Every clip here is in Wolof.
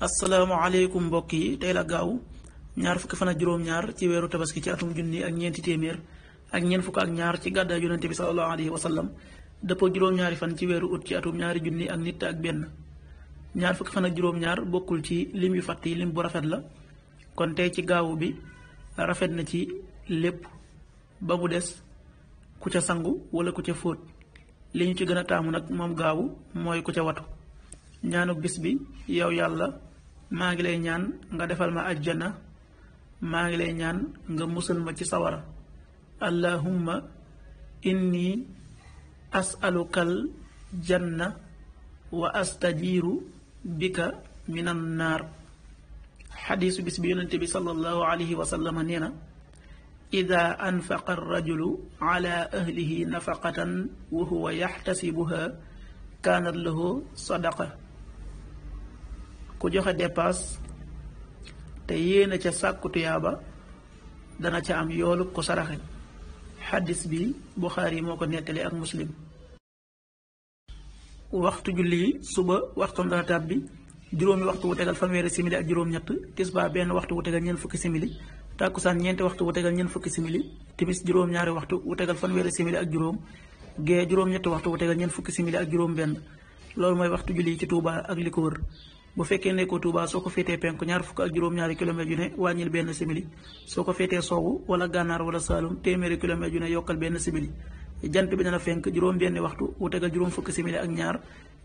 asalaamaaleykum mbokk yi tey la gaaw ñaar fukki fan ak juróom-ñaar ci weeru tabaski ci atum junni ak ñeenti téeméer ak ñeent fukk ak ñaar ci gàddaay yonente bi salallahu alayhi wa sallam dëppoo juróom-ñaari fan ci weeru ut ci atum ñaari junni ak nit ak benn ñaar fukki fan ak juróom-ñaar bokkul ci lim yu fàtt yi lim bu rafet la kon tey ci gaawu bi rafet na ci lépp ba mu des ku ca sangu wala ku ca fóot li ñu ci gën a taamu nag moom gaawu mooy ku ca watu ñaanu bis bi yow yàlla maa ngi lay ñaan nga defal ma ajjana maa ngi lay ñaan nga musal ma ci sawara allahumma inni asalukal janna wa astajiiru bika minan naar xadiisu bis bi yonente bi sallallahu alayhi wa sallama nee na ida anfaqa arrajulu ala ahlihi nafaqatan wa huwa yaxtasibuha kaanat lahu sadaqa ku joxe dépasse te yéene ca sàkku tuyaaba dana ca am yoolu ku saraxe xaddis bi buxaari yi moo ko nettali ak muslim waxtu julli suba waxtu dana tàbbi juróomi waxtu wu tegal fanweeri simili ak juróom-ñett tisbaa benn waxtu wu tegal ñeent fukki simili tàkkusaan ñeenti waxtu wu tegal ñeent fukki simili timis juróom-ñaari waxtu wu tegal fanweeri simili ak juróom gee juróom-ñetti waxtu wu tegal ñeent fukki simili ak juróom benn loolu mooy waxtu julli ci Tuubaa ak li ko wër bu fekkee nekkoo Touba soo ko féetee penk ñaar fukk ak juróom-ñaari kilomètres yu ne wàññil benn simili soo ko féetee soowu wala gànnaar wala saalum téeméeri kilomètres yu ne yokkal benn simili jant bi dana fenk juróom benni waxtu wu tegal juróom fukk simili ak ñaar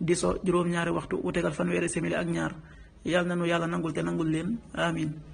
di so juróom-ñaari waxtu wu tegal fanweeri simili ak ñaar yàlla na nu yàlla nangul te nangul leen amin